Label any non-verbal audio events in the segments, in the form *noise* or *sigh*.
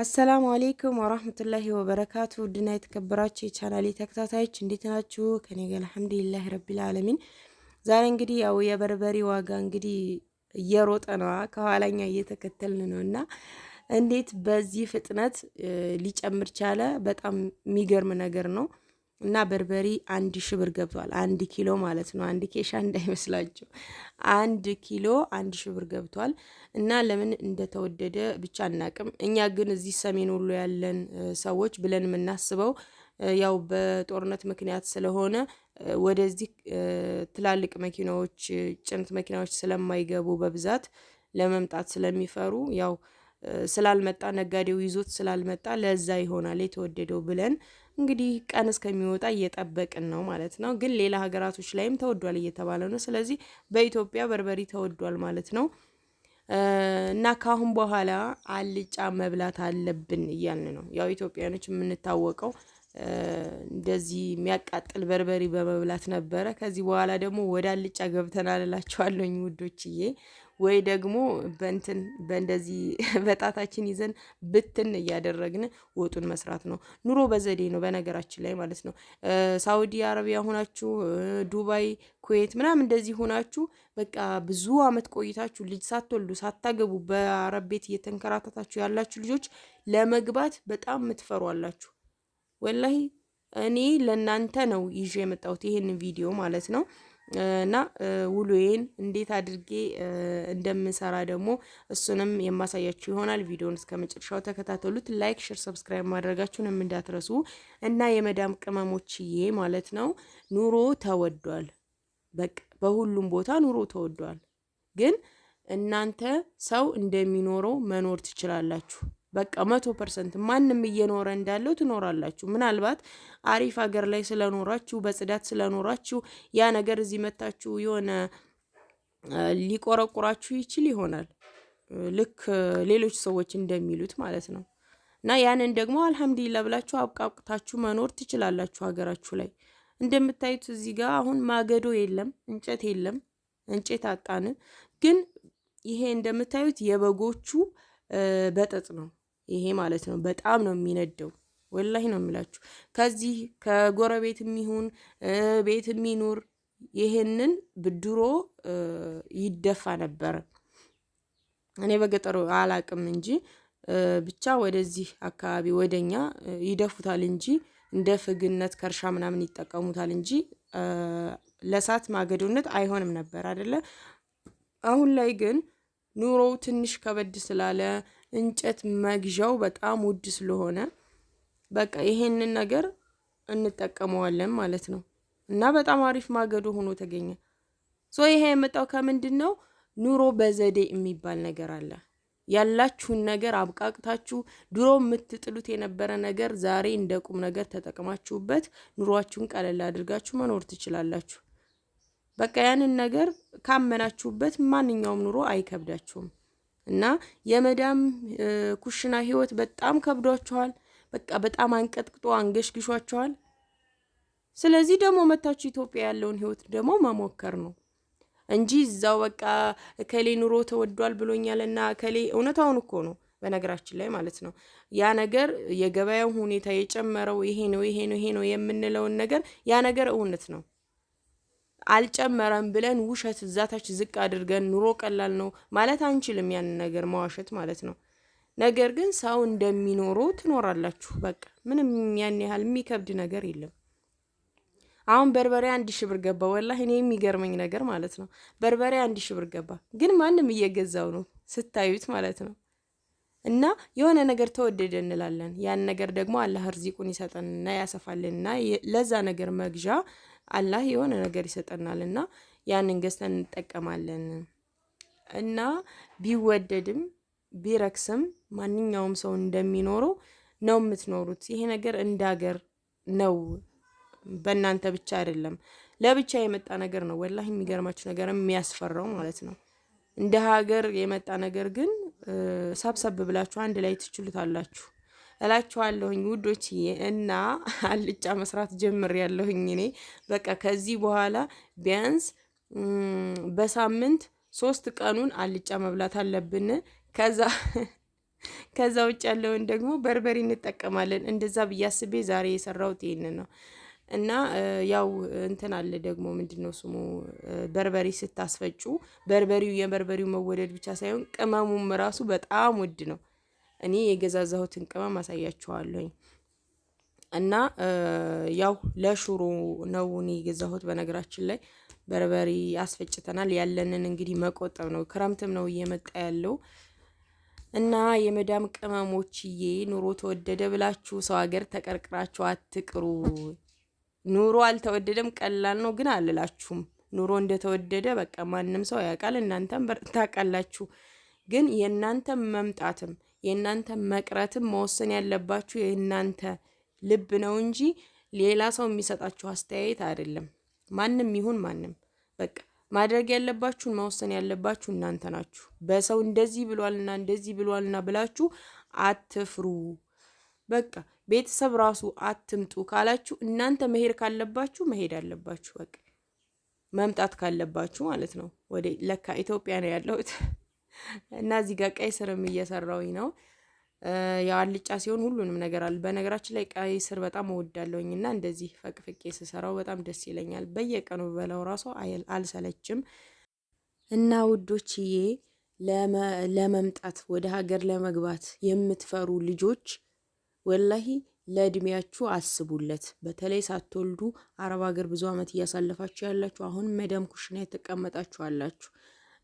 አሰላሙ አሌይኩም ወራህመቱላሂ ወበረካቱ ድና የተከበራችሁ የቻናሌ ተከታታዮች እንዴት ናችሁ? ከኔ ጋር አልሐምዱሊላህ ረቢል አለሚን። ዛሬ እንግዲህ ያው የበርበሬ ዋጋ እንግዲህ እየሮጠ ነዋ፣ ከኋላኛ እየተከተልን ነው እና እንዴት በዚህ ፍጥነት ሊጨምር ቻለ? በጣም የሚገርም ነገር ነው። እና በርበሪ አንድ ሺ ብር ገብቷል። አንድ ኪሎ ማለት ነው። አንድ ኬሻ እንዳይመስላችሁ አንድ ኪሎ አንድ ሺ ብር ገብቷል። እና ለምን እንደተወደደ ብቻ አናቅም። እኛ ግን እዚህ ሰሜን ወሎ ያለን ሰዎች ብለን የምናስበው ያው በጦርነት ምክንያት ስለሆነ ወደዚህ ትላልቅ መኪናዎች ጭነት መኪናዎች ስለማይገቡ በብዛት ለመምጣት ስለሚፈሩ ያው ስላልመጣ ነጋዴው ይዞት ስላልመጣ ለዛ ይሆናል የተወደደው ብለን እንግዲህ ቀን እስከሚወጣ እየጠበቅን ነው ማለት ነው። ግን ሌላ ሀገራቶች ላይም ተወዷል እየተባለ ነው። ስለዚህ በኢትዮጵያ በርበሪ ተወዷል ማለት ነው። እና ከአሁን በኋላ አልጫ መብላት አለብን እያልን ነው። ያው ኢትዮጵያኖች የምንታወቀው እንደዚህ የሚያቃጥል በርበሪ በመብላት ነበረ። ከዚህ በኋላ ደግሞ ወደ አልጫ ገብተናል እላችኋለሁ ውዶችዬ። ወይ ደግሞ በንትን በእንደዚህ *laughs* በጣታችን ይዘን ብትን እያደረግን ወጡን መስራት ነው። ኑሮ በዘዴ ነው በነገራችን ላይ ማለት ነው። ሳውዲ አረቢያ ሆናችሁ፣ ዱባይ፣ ኩዌት ምናምን እንደዚህ ሆናችሁ በቃ ብዙ አመት ቆይታችሁ ልጅ ሳትወልዱ ሳታገቡ በአረብ ቤት እየተንከራተታችሁ ያላችሁ ልጆች ለመግባት በጣም ምትፈሩ አላችሁ። ወላሂ እኔ ለእናንተ ነው ይዤ የመጣሁት ይሄን ቪዲዮ ማለት ነው። እና ውሎዬን እንዴት አድርጌ እንደምሰራ ደግሞ እሱንም የማሳያችሁ ይሆናል። ቪዲዮን እስከ መጨረሻው ተከታተሉት። ላይክ፣ ሼር፣ ሰብስክራይብ ማድረጋችሁንም እንዳትረሱ እና የመዳም ቅመሞችዬ ማለት ነው ኑሮ ተወዷል። በቃ በሁሉም ቦታ ኑሮ ተወዷል። ግን እናንተ ሰው እንደሚኖረው መኖር ትችላላችሁ። በቃ መቶ ፐርሰንት ማንም እየኖረ እንዳለው ትኖራላችሁ። ምናልባት አሪፍ ሀገር ላይ ስለኖራችሁ በጽዳት ስለኖራችሁ ያ ነገር እዚህ መታችሁ የሆነ ሊቆረቁራችሁ ይችል ይሆናል። ልክ ሌሎች ሰዎች እንደሚሉት ማለት ነው። እና ያንን ደግሞ አልሐምዱሊላ ብላችሁ አብቃብቅታችሁ መኖር ትችላላችሁ ሀገራችሁ ላይ። እንደምታዩት እዚህ ጋር አሁን ማገዶ የለም፣ እንጨት የለም፣ እንጨት አጣን። ግን ይሄ እንደምታዩት የበጎቹ በጠጥ ነው። ይሄ ማለት ነው። በጣም ነው የሚነደው። ወላሂ ነው የሚላችሁ ከዚህ ከጎረቤት የሚሆን ቤት የሚኖር ይሄንን ብድሮ ይደፋ ነበር። እኔ በገጠሩ አላቅም እንጂ ብቻ ወደዚህ አካባቢ ወደኛ ይደፉታል እንጂ እንደ ፍግነት ከእርሻ ምናምን ይጠቀሙታል እንጂ ለእሳት ማገዶነት አይሆንም ነበር አይደለ? አሁን ላይ ግን ኑሮው ትንሽ ከበድ ስላለ እንጨት መግዣው በጣም ውድ ስለሆነ በቃ ይሄንን ነገር እንጠቀመዋለን ማለት ነው። እና በጣም አሪፍ ማገዶ ሆኖ ተገኘ። ሶ ይሄ የመጣው ከምንድን ነው? ኑሮ በዘዴ የሚባል ነገር አለ። ያላችሁን ነገር አብቃቅታችሁ ድሮ የምትጥሉት የነበረ ነገር ዛሬ እንደ ቁም ነገር ተጠቅማችሁበት ኑሯችሁን ቀለል አድርጋችሁ መኖር ትችላላችሁ። በቃ ያንን ነገር ካመናችሁበት ማንኛውም ኑሮ አይከብዳችሁም። እና የመዳም ኩሽና ህይወት በጣም ከብዷችኋል። በቃ በጣም አንቀጥቅጦ አንገሽግሿችኋል። ስለዚህ ደግሞ መታችሁ ኢትዮጵያ ያለውን ህይወት ደግሞ መሞከር ነው እንጂ እዛው በቃ እከሌ ኑሮ ተወዷል ብሎኛል እና እከሌ እውነታውን እኮ ነው በነገራችን ላይ ማለት ነው ያ ነገር የገበያው ሁኔታ የጨመረው ይሄ ነው ይሄ ነው ይሄ ነው የምንለውን ነገር ያ ነገር እውነት ነው። አልጨመረም ብለን ውሸት እዛታች ዝቅ አድርገን ኑሮ ቀላል ነው ማለት አንችልም። ያንን ነገር መዋሸት ማለት ነው። ነገር ግን ሰው እንደሚኖሩ ትኖራላችሁ። በቃ ምንም ያን ያህል የሚከብድ ነገር የለም። አሁን በርበሬ አንድ ሺህ ብር ገባ። ወላሂ እኔ የሚገርመኝ ነገር ማለት ነው በርበሬ አንድ ሺህ ብር ገባ፣ ግን ማንም እየገዛው ነው ስታዩት ማለት ነው። እና የሆነ ነገር ተወደደ እንላለን። ያን ነገር ደግሞ አላህ ርዚቁን ይሰጠንና ያሰፋልንና ለዛ ነገር መግዣ አላህ የሆነ ነገር ይሰጠናል እና ያንን ገዝተን እንጠቀማለን እና ቢወደድም ቢረክስም ማንኛውም ሰው እንደሚኖረው ነው የምትኖሩት። ይሄ ነገር እንደ ሀገር ነው፣ በእናንተ ብቻ አይደለም። ለብቻ የመጣ ነገር ነው። ወላሂ የሚገርማችሁ ነገር የሚያስፈራው ማለት ነው እንደ ሀገር የመጣ ነገር ግን ሰብሰብ ብላችሁ አንድ ላይ ትችሉታላችሁ። እላችኋለሁኝ ውዶችዬ። እና አልጫ መስራት ያለሁኝ እኔ በቃ ከዚህ በኋላ ቢያንስ በሳምንት ሶስት ቀኑን አልጫ መብላት አለብን። ከዛ ከዛ ውጭ ያለውን ደግሞ በርበሬ እንጠቀማለን። እንደዛ ብያስቤ ዛሬ የሰራሁት ይሄንን ነው። እና ያው እንትን አለ ደግሞ ምንድን ነው ስሙ፣ በርበሬ ስታስፈጩ በርበሬው የበርበሬው መወደድ ብቻ ሳይሆን ቅመሙም ራሱ በጣም ውድ ነው። እኔ የገዛዛሁትን ቅመም አሳያችኋለሁኝ። እና ያው ለሽሮ ነው እኔ የገዛሁት። በነገራችን ላይ በርበሬ አስፈጭተናል። ያለንን እንግዲህ መቆጠብ ነው። ክረምትም ነው እየመጣ ያለው እና የመዳም ቅመሞችዬ ኑሮ ተወደደ ብላችሁ ሰው ሀገር ተቀርቅራችሁ አትቅሩ። ኑሮ አልተወደደም፣ ቀላል ነው ግን አልላችሁም። ኑሮ እንደተወደደ በቃ ማንም ሰው ያውቃል፣ እናንተም ታውቃላችሁ። ግን የእናንተም መምጣትም የእናንተ መቅረትም መወሰን ያለባችሁ የእናንተ ልብ ነው እንጂ ሌላ ሰው የሚሰጣችሁ አስተያየት አይደለም። ማንም ይሁን ማንም፣ በቃ ማድረግ ያለባችሁን መወሰን ያለባችሁ እናንተ ናችሁ። በሰው እንደዚህ ብሏልና እንደዚህ ብሏልና ብላችሁ አትፍሩ። በቃ ቤተሰብ ራሱ አትምጡ ካላችሁ እናንተ መሄድ ካለባችሁ መሄድ አለባችሁ። በቃ መምጣት ካለባችሁ ማለት ነው። ወደ ለካ ኢትዮጵያ ነው ያለሁት። እና እዚህ ጋር ቀይ ስርም እየሰራውኝ ነው። ያው አልጫ ሲሆን ሁሉንም ነገር አለ። በነገራችን ላይ ቀይ ስር በጣም እወዳለሁኝ እና እንደዚህ ፈቅፍቄ ስሰራው በጣም ደስ ይለኛል። በየቀኑ በለው ራሱ አልሰለችም። እና ውዶችዬ ለመምጣት ወደ ሀገር ለመግባት የምትፈሩ ልጆች ወላሂ ለእድሜያችሁ አስቡለት። በተለይ ሳትወልዱ አረብ ሀገር ብዙ ዓመት እያሳለፋችሁ ያላችሁ አሁን መዳም ኩሽና የተቀመጣችሁ አላችሁ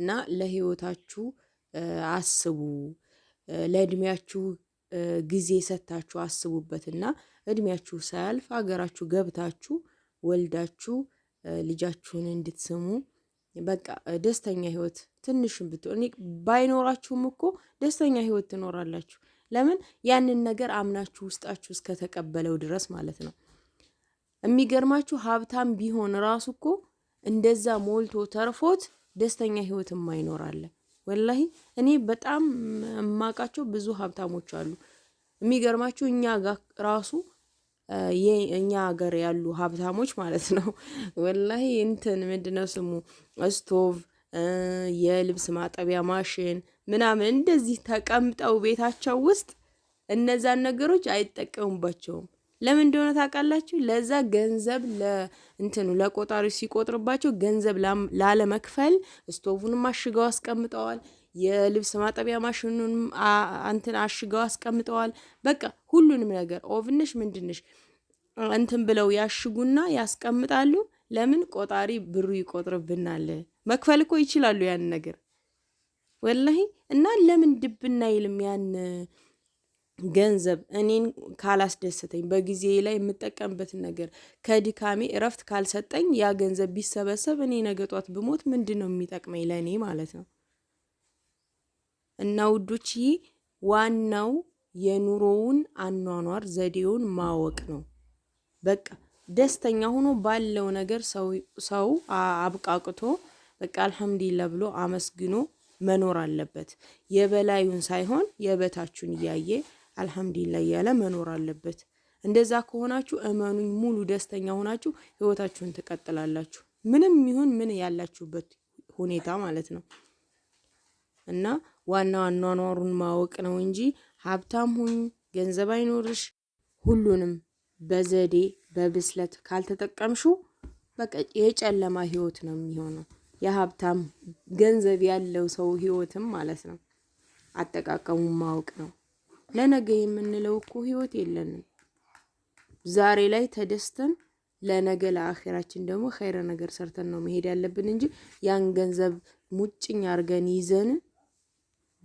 እና ለህይወታችሁ አስቡ። ለእድሜያችሁ ጊዜ ሰጥታችሁ አስቡበትና እድሜያችሁ ሳያልፍ ሀገራችሁ ገብታችሁ ወልዳችሁ ልጃችሁን እንድትስሙ በቃ ደስተኛ ህይወት ትንሽም ብትሆን ባይኖራችሁም እኮ ደስተኛ ህይወት ትኖራላችሁ። ለምን ያንን ነገር አምናችሁ ውስጣችሁ እስከተቀበለው ድረስ ማለት ነው። የሚገርማችሁ ሀብታም ቢሆን ራሱ እኮ እንደዛ ሞልቶ ተርፎት ደስተኛ ህይወት የማይኖር አለ። ወላሂ እኔ በጣም የማውቃቸው ብዙ ሀብታሞች አሉ። የሚገርማችሁ እኛ ጋር ራሱ እኛ ሀገር ያሉ ሀብታሞች ማለት ነው። *laughs* ወላሂ እንትን ምንድነው ስሙ ስቶቭ፣ የልብስ ማጠቢያ ማሽን ምናምን እንደዚህ ተቀምጠው ቤታቸው ውስጥ እነዛን ነገሮች አይጠቀሙባቸውም። ለምን እንደሆነ ታውቃላችሁ? ለዛ ገንዘብ ለእንትኑ ለቆጣሪ ሲቆጥርባቸው ገንዘብ ላለመክፈል ስቶቡንም አሽገው አስቀምጠዋል። የልብስ ማጠቢያ ማሽኑን እንትን አሽገው አስቀምጠዋል። በቃ ሁሉንም ነገር ኦቭንሽ ምንድንሽ እንትን ብለው ያሽጉና ያስቀምጣሉ። ለምን ቆጣሪ ብሩ ይቆጥርብናል። መክፈል እኮ ይችላሉ ያን ነገር ወላሂ። እና ለምን ድብና ይልም ያን ገንዘብ እኔን ካላስደሰተኝ በጊዜ ላይ የምጠቀምበትን ነገር ከድካሜ እረፍት ካልሰጠኝ ያ ገንዘብ ቢሰበሰብ እኔ ነገ ጧት ብሞት ምንድን ነው የሚጠቅመኝ ለእኔ ማለት ነው። እና ውዶች ዋናው የኑሮውን አኗኗር ዘዴውን ማወቅ ነው። በቃ ደስተኛ ሆኖ ባለው ነገር ሰው አብቃቅቶ በቃ አልሐምዱሊላ ብሎ አመስግኖ መኖር አለበት። የበላዩን ሳይሆን የበታቹን እያየ አልሐምዱሊላ እያለ መኖር አለበት። እንደዛ ከሆናችሁ እመኑኝ ሙሉ ደስተኛ ሆናችሁ ህይወታችሁን ትቀጥላላችሁ። ምንም ይሁን ምን ያላችሁበት ሁኔታ ማለት ነው። እና ዋና ዋና ኗሩን ማወቅ ነው እንጂ ሀብታም ሁኝ ገንዘብ አይኖርሽ ሁሉንም በዘዴ በብስለት ካልተጠቀምሽው በቃ የጨለማ ህይወት ነው የሚሆነው። የሀብታም ገንዘብ ያለው ሰው ህይወትም ማለት ነው። አጠቃቀሙን ማወቅ ነው። ለነገ የምንለው እኮ ህይወት የለንም። ዛሬ ላይ ተደስተን ለነገ ለአኼራችን ደግሞ ኸይረ ነገር ሰርተን ነው መሄድ ያለብን እንጂ ያን ገንዘብ ሙጭኝ አድርገን ይዘን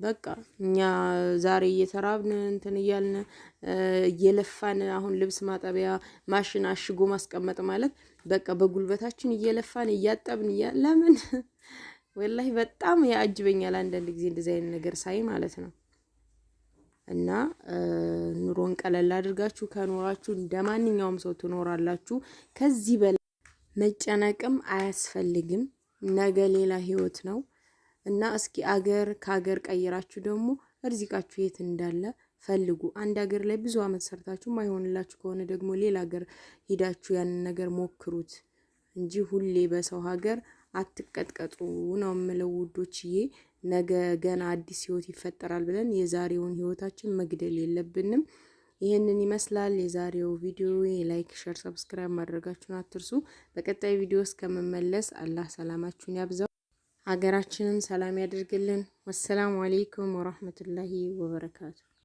በቃ እኛ ዛሬ እየተራብን እንትን እያልን እየለፋን አሁን ልብስ ማጠቢያ ማሽን አሽጎ ማስቀመጥ ማለት በቃ በጉልበታችን እየለፋን እያጠብን ለምን ወላሂ በጣም ያጅበኛል አንዳንድ ጊዜ እንደዚህ አይነት ነገር ሳይ ማለት ነው። እና ኑሮን ቀለል አድርጋችሁ ከኖራችሁ እንደ ማንኛውም ሰው ትኖራላችሁ። ከዚህ በላይ መጨነቅም አያስፈልግም። ነገ ሌላ ህይወት ነው እና እስኪ አገር ከአገር ቀይራችሁ ደግሞ እርዚቃችሁ የት እንዳለ ፈልጉ። አንድ ሀገር ላይ ብዙ አመት ሰርታችሁ ማይሆንላችሁ ከሆነ ደግሞ ሌላ ሀገር ሂዳችሁ ያንን ነገር ሞክሩት እንጂ ሁሌ በሰው ሀገር አትቀጥቀጡ ነው የምለው ውዶችዬ። ነገ ገና አዲስ ህይወት ይፈጠራል ብለን የዛሬውን ህይወታችን መግደል የለብንም። ይህንን ይመስላል የዛሬው ቪዲዮ። ላይክ፣ ሸር፣ ሰብስክራይብ ማድረጋችሁን አትርሱ። በቀጣይ ቪዲዮ እስከምመለስ አላህ ሰላማችሁን ያብዛው፣ ሀገራችንን ሰላም ያደርግልን። ወሰላሙ አሌይኩም ወራህመቱላሂ ወበረካቱ